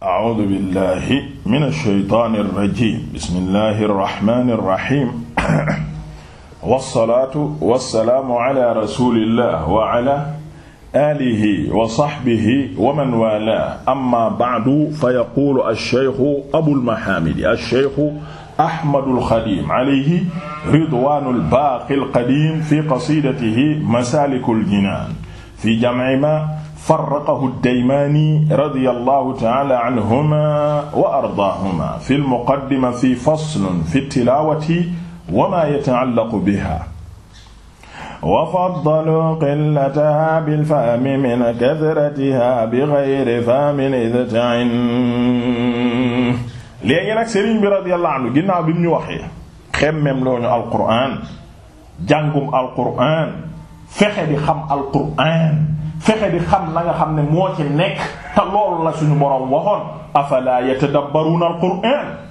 a'uudu billahi mina shaytaani rajiim bismillahi rahmaani rahiim wasalaatu wasalaamu ala rasulillah wa ala aalihi wa saxbihi wa man waalaahu amma ba'du fa yaquulu asheykhu abul mahaamidi asheykhu Ahmadul Xadiim alayhi ridwaanul baaqil qadiim fi qasiidatihi masaalikul jinaan fi jam'i maa farraqahu ad-Daymaani radiyallahu ta'ala anhuma wa ardaahuma fil muqaddima fi faslun fi tilaawati wa maa yata'allaqu biha wa faddalu qillataha bil fahmi min kathratiha bi ghayri fahmin idtain léegi nag Sëriñ bi radiyallahu anhu ginnaaw bi ñu waxee xemmem loo ñu Alqur'aan jàngum Alqur'aan fexe di xam Alqur'aan fexe di xam la nga xam ne moo ci nekk te loolu la suñu boroom waxoon afala yatadabbaruna alquran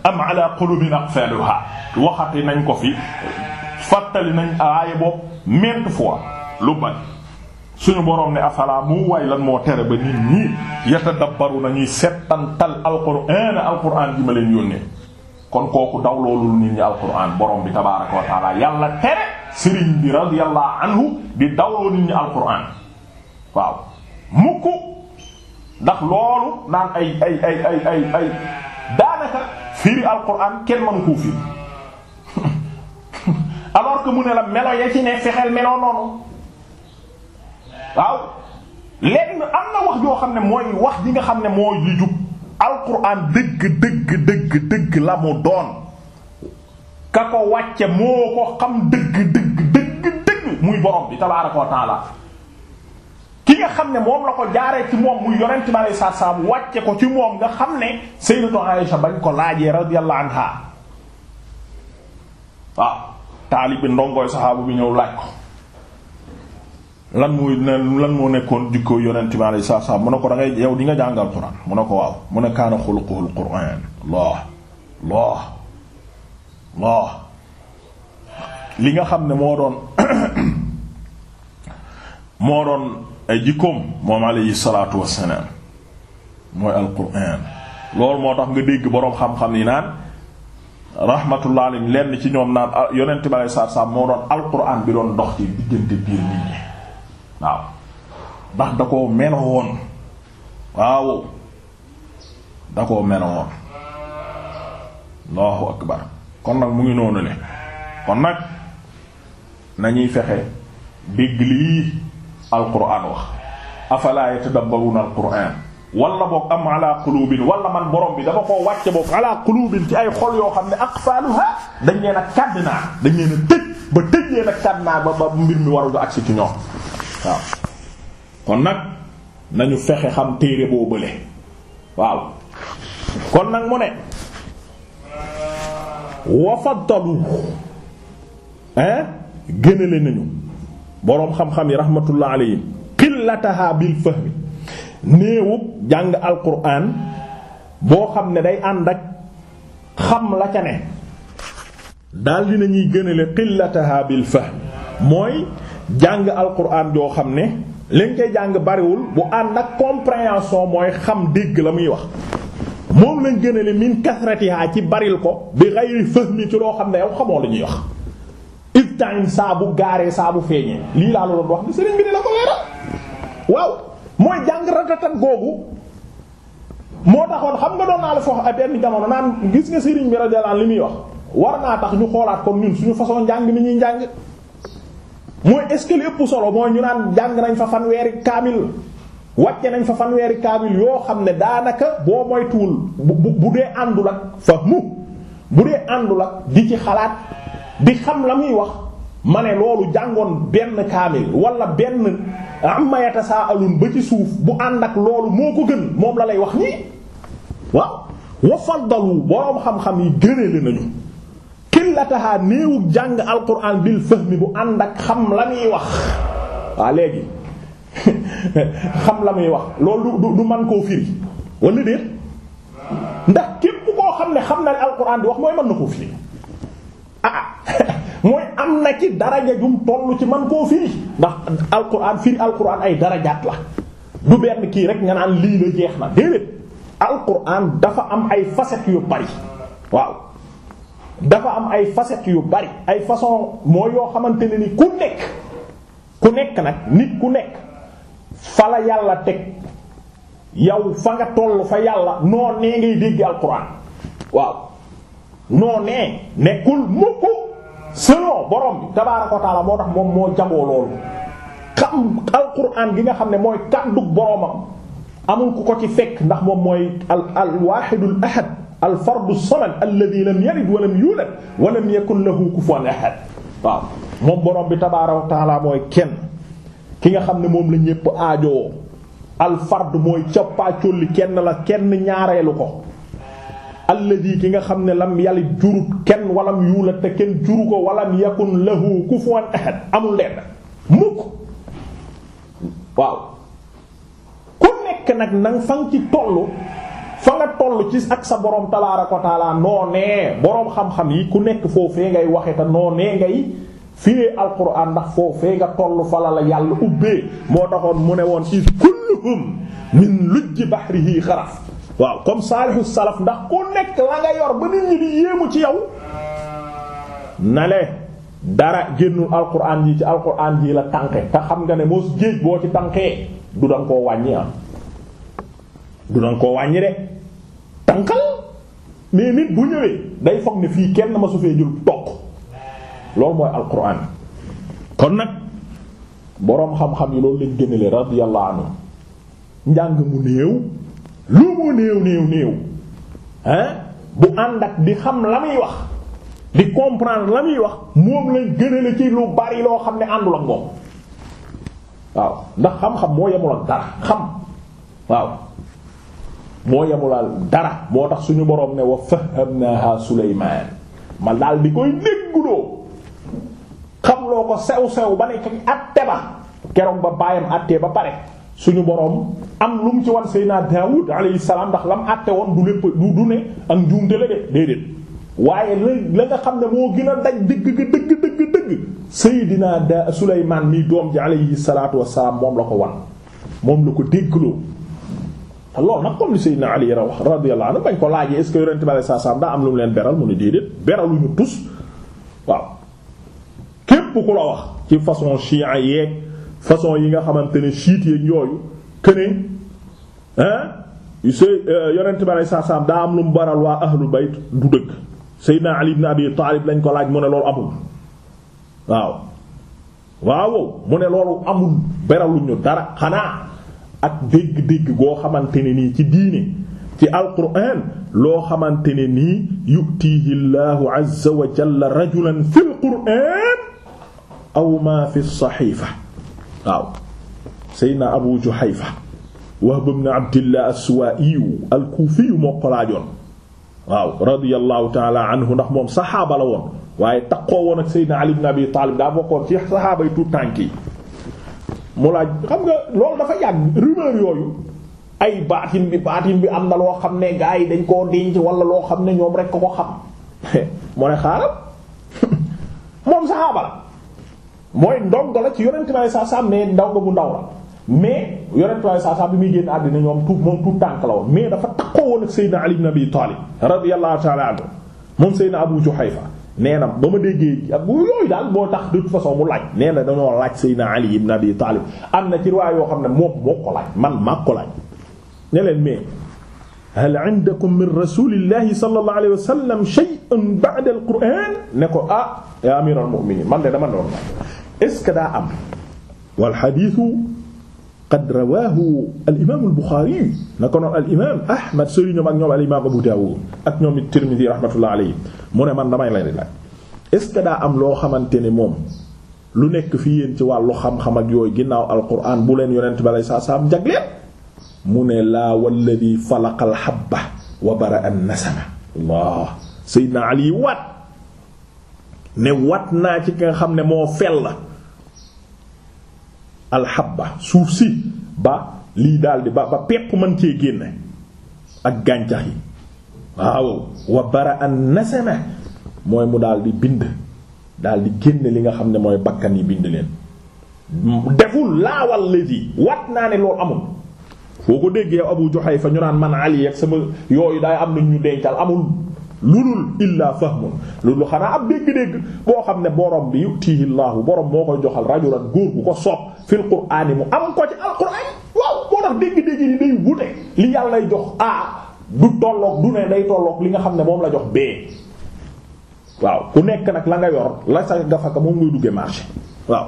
am ala qulubin aqfaluha waxati nañ ko fi fàttali nañ aaya boobu maintes fois lu bañ suñu boroom ne afala mu waay lan moo tere ba nit ñi yatadabbaruna ñuy settantal alquran alquran bi ma leen yónnee kon kooku daw loolu nit ñi alquran boroom bi tabaaraka wa taala tere sëriñ bi radiyallahu anhu di dawloo nit ñi alquran waaw mukk ndax loolu naan ay ay ay ay daanaka firi alquran kenn mënu koo firi alors que mu ne la melo ya ci ne fexeel meloo noonu waaw lenn am na wax joo xam ne mooy wax ji nga xam ne mooy li jub alquran dëgg dëgg dëgg dëgg la mu doon ka ko wàcce moo ko xam dëgg dëgg dëgg dëgg muy borom bi tabaaraka wa bi nga xam ne moom la ko jaaree ci moom muy yonent bi alayhi salaam wàcce ko ci moom nga xam ne sayyidatu Aisha bañ ko laajee radiyallahu anha waaw taalib bi ndongoy saxaabu bi ñëw laaj ko lan muy lan moo nekkoon jikko yonent bi alayhi salaam mu ne ko da ngay yow di nga jàngal Qur'an mu ne ko waaw mu ne kaana xuluquhul Qur'an Allah Allah Allah li nga xam ne moo doon moo doon ay jikkoom moom alayhi salaatu wassalaam mooy alquraan loolu moo tax nga dégg boroom xam-xam yi naan rahmatullah alayhi lenn ci ñoom naan yonent bi alayhi salaatu wassalaam moo doon alquraan bi doon dox ci diggante biir nit ñi waaw ndax da koo melo woon da koo melo woon allahu akbar kon nag mu ngi noonu ne kon nag nañuy fexe dégg lii alquran wax afala yatadabbaruna alquran wala boog am ala man borom bi dafa koo wàcce boog ay xol yoo xam ne aqfaaluha dañ leen dañ a tëj ba tëj leen waaw kon nag nañu fexe xam téere boo bële waaw kon nag mu ne wafaddalu hein gënale nañu boroom xam-xam yi rahmatullah alayhi qillataha bil fahmi néewub jàng alquran boo xam ne day ànd ak xam la ca ne daal dina ñuy gënale qillataha bil fahmi mooy jàng alquran joo xam ne li jàng bariwul bu ànd ak compréhension mooy xam dégg la muy wax moom lañ gënale min kasratiha ci baril ko bi ghayri fahmi ci loo xam ne yow xamoo la ñuy wax ista'in saabu bu gaaree saa bu feeñee lii laa la doon wax ni sëriñ bi ne la ko leeral waaw mooy jàng ratatan googu moo taxoon xam nga doon naa la foofu ay benn jamono naan gis nga sëriñ bi radiyallahu li muy wax war naa tax ñu xoolaat comme ñun suñu façon njàng mi ñuy njàng mooy est-ce que li solo mooy ñu naan jàng nañ fa fanweeri kaamil wàcce nañ fa fanweeri kaamil yoo xam ne daanaka boo moytuwul bu bu dee àndul ak fa mu bu dee àndul ak di ci xalaat di xam la muy wax ma ne loolu jàngoon benn kaamil walla benn amma yatasaalun ba ci suuf bu ànd ak loolu moo ko gën moom la lay wax nii waaw wa faddalu boroom xam-xam yi gënale nañu killataha néewug jàng alquran bil fahmi bu ànd ak xam la muy wax waa léegi xam la muy wax loolu du du man koo firi wala déet ndax képp koo xam ne xam na ne alquran di wax mooy mën na koo firi mooy am na ci daraja jum toll ci man koo firi ndax alquran firi alquran ay darajaat la du benn kii rek nga naan lii la jeex na déedéet alquran dafa am ay facettes yu bari waaw dafa am ay facettes yu bari ay façon mooy yoo xamante ne ni ku nekk ku nekk nag nit ku nekk fa la yàlla teg yow fa nga toll fa yàlla noo nee ngay dégg alquran waaw noo nekkul mukk selon borom bi tabaaraka wa taala moo tax moom moo jagoo loolu xam alquran gi nga xam ne mooy kàddug boromam amul ku ko ci fekk ndax moom mooy al al waahidul ahad al fardu samad alladhi lam yalid wa lam yulad wa lam yakun lahu kufuwan ahad waaw moom borom bi tabaaraka wa taala mooy kenn ki nga xam ne moom la ñépp aajowoo al fard mooy li kenn la kenn ñaareelu ko. alladi ki nga xam ne lam yàlla jurut kenn walam yuulat te kenn juru ko walam yakun lahu kufuwan ahad amul lenn mukk waaw ku nekk nag nang fa ci tollu fa nga toll ci ak sa borom talaara ko taala noonee boroom xam-xam yi ku nekk foofee ngay waxe te noonee ngay firee alquran ndax foofee nga toll fala la yàlla ubbee moo taxoon mu ne woon is kulluhum min lujji bahrihi xaraf waaw comme saalihu salaf ndax ku nekk la nga yor ba nit ñi di yéemu ci yow na le dara génnul alquran ji ci alquran ji la tànk te xam nga ne moos géej boo ci tànqee du danga koo wàññi am ah. du danga koo wàññi de tànqal mais nit bu ñëwee day foog ne fii kenn ma su fee jël toq loolu mooy alquran kon nag boroom xam-xam yi loolu lañ génnele radiyallahu anhu njàng mu néew lu mu néew néew néew hein bu ànd ak di xam la muy wax di comprendre la muy wax moom lañ gënale ci lu bari loo xam ne àndul ak moom waaw ndax xam-xam moo yemul ak dara xam waaw moo yemulal dara moo tax suñu boroom ne wa fahamnaha Sulaymaan ma daal di koy dégguloo xam loo ko sew sew ba ne kañ àtte ba keroog ba baayam àttee ba pare suñu boroom am lu mu ci wan Seydina Daawud alayhi salaam ndax lam àtte woon du lépp du du ne ak njuumte la de déedéet waaye la la nga xam ne moo gën a daj dëgg dëgg dëgg dëgg Seydina da Souleymane mi doom ji alayhi salaatu wassalaam moom la ko wan moom la ko déggloo te loolu nag comme li Seydina Ali wax radiyallahu anhu bañ ko laajee est-ce que Yonent bi alayhi salaam daa am lu mu leen beral mu ne déedéet beraluñu tus waaw képp ku la wax ci façon chiite yeeg. façon yi nga xamante ne chiites yeeg yooyu këne hein see euh, yonent bi saa saam daa am lu mu baral waa ahlu bayt du dëgg Seydina Ali ibn Abi Taalib lañ ko laaj mu ne loolu amul waaw mu ne loolu amul beraluñu dara xanaa ak dégg-dégg goo xamante ne nii ci diine ci alquran loo xamante ne nii yutihi llahu azza wa jalla rajulan fi alquran aw ma fi saxiifa waaw seydna abu juhayfa wahb ibn abdillah as-suwa'i al-kufi moo ko laajoon waaw radiyallahu taala anhu ndax moom saxaaba la woon waaye takkoo woon ak seydna ali ibn abi taalib daa bokkoon ci saxaaba yi tuut tànk yi mu laaj xam nga loolu dafa yàgg rumeur yooyu ay baatin bi baatin bi am na loo xam ne gaa yi dañ koo denc wala loo xam ne ñoom rek ko xam mu ne xaaral moom saxaaba la mooy ndongo la ci yonent bi saa saa mais ndaw bu ndaw la mais yonent bi saa saa bi muy génn àddina ñoom tuut moom tuut tànk la woon mais dafa takkoo woon ak Seydina Ali ibn Abi Talib radiyallahu ta'ala anhu moom Seydina Abu Juhayfa nee na ba ma déggee ak yooyu daal boo tax de toute façon mu laaj nee na dañoo laaj Seydina Ali ibn Abi Talib am na ci riwaay yoo xam ne moom moo ko laaj man maa ko laaj ne leen mais hal indakum min rasulillahi sallallahu alayhi wa sallam shay'un ba'da al ne ko ah ya amiral dama doon est-ce que daa am wal xadiisu qad rawaahu al imaam Abu Daawud ak ñoom it Tirmidi rahmatullah mu ne man damay lay laaj est daa am loo xamante ni moom lu nekk fi yéen ci wàllu xam-xam ak yooyu ginnaaw alquran bu leen yonent ba lay saa saam jagleel mu ne laa walladi falaqa al habba wa bara'a an nasama Allah Seydina Ali waat ne waat naa ci nga xam ne moo fel alxabba suuf si ba lii daldi ba ba pepp mën cee génne ak gàncax yi waaw wa bara an nasama mooy mu daldi bind daldi génne li nga xam ne mooy bakkan yi bind leen deful laawal ladi wat naa ne loolu amul foo ko déggee Abu Juhayfa ñu naan man Ali ak sama yooyu daay am nañ ñu dencal amul lu dul illaa fahmun lu dul xanaa ab dégg-dégg boo xam ne borom bi yutihi llaahu borom moo koy joxal rajulan góor bu ko soob fil qur'aani mu am ko ci alqur'aan waaw moo tax dégg-dégg yi day wute li yàlla lay jox a du tolloog du ne day tolloog li nga xam ne moom la jox bee waaw ku nekk nag la nga yor la sa gafaka moom ngay duggee marché waaw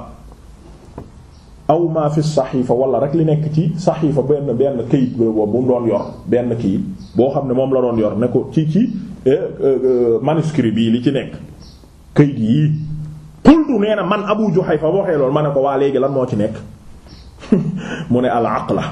aw fi saxiifa wala rek li nekk ci saxiifa benn benn kayit boobu mu doon yor benn kayit boo xam ne moom la doon yor ne ko ci Eh, eh, eh, manuscrit bii li ci nekk këyit yii xultu nee na man Abu Juhayfa waxee lool ma ne ko waa léegi lan moo ci nekk mu ne al aqla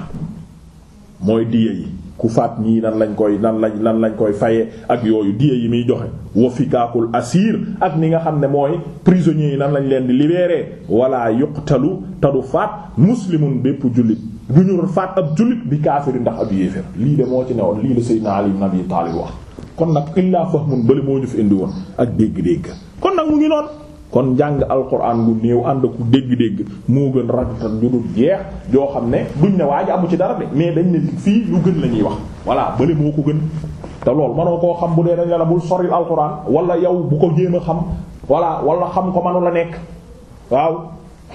mooy diye yi ku faat ñii nan lañ koy nan lañ nan lañ koy faye ak yooyu diye yi muy joxe wa fikaakul asir ak ni nga xam ne mooy prisonniers yi nan lañ leen di libérer wala yuqtalu te du faat muslimun bépp jullit du ñu faat ab jullit bi kaafiri ndax ab yéefér lii de moo ci newoon lii la Seydina Ali ibn Abi Talib wax kon nag illaa fahmun bële moo ñu fi indi woon ak dégg-dégg kon nag mu ngi noonu kon jàng alquran gu néew ànd ku dégg-dégg moo gën ragtan ñu dul jeex joo xam ne duñ ne waa ji amu ci dara de mais dañ ne fii lu gën la ñuy wax voilà bële moo ko gën te loolu mënoo koo xam bu dee dañ la bul soril alquran wala yow bu ko jéem xam voilà wala xam ko mënu la nekk waaw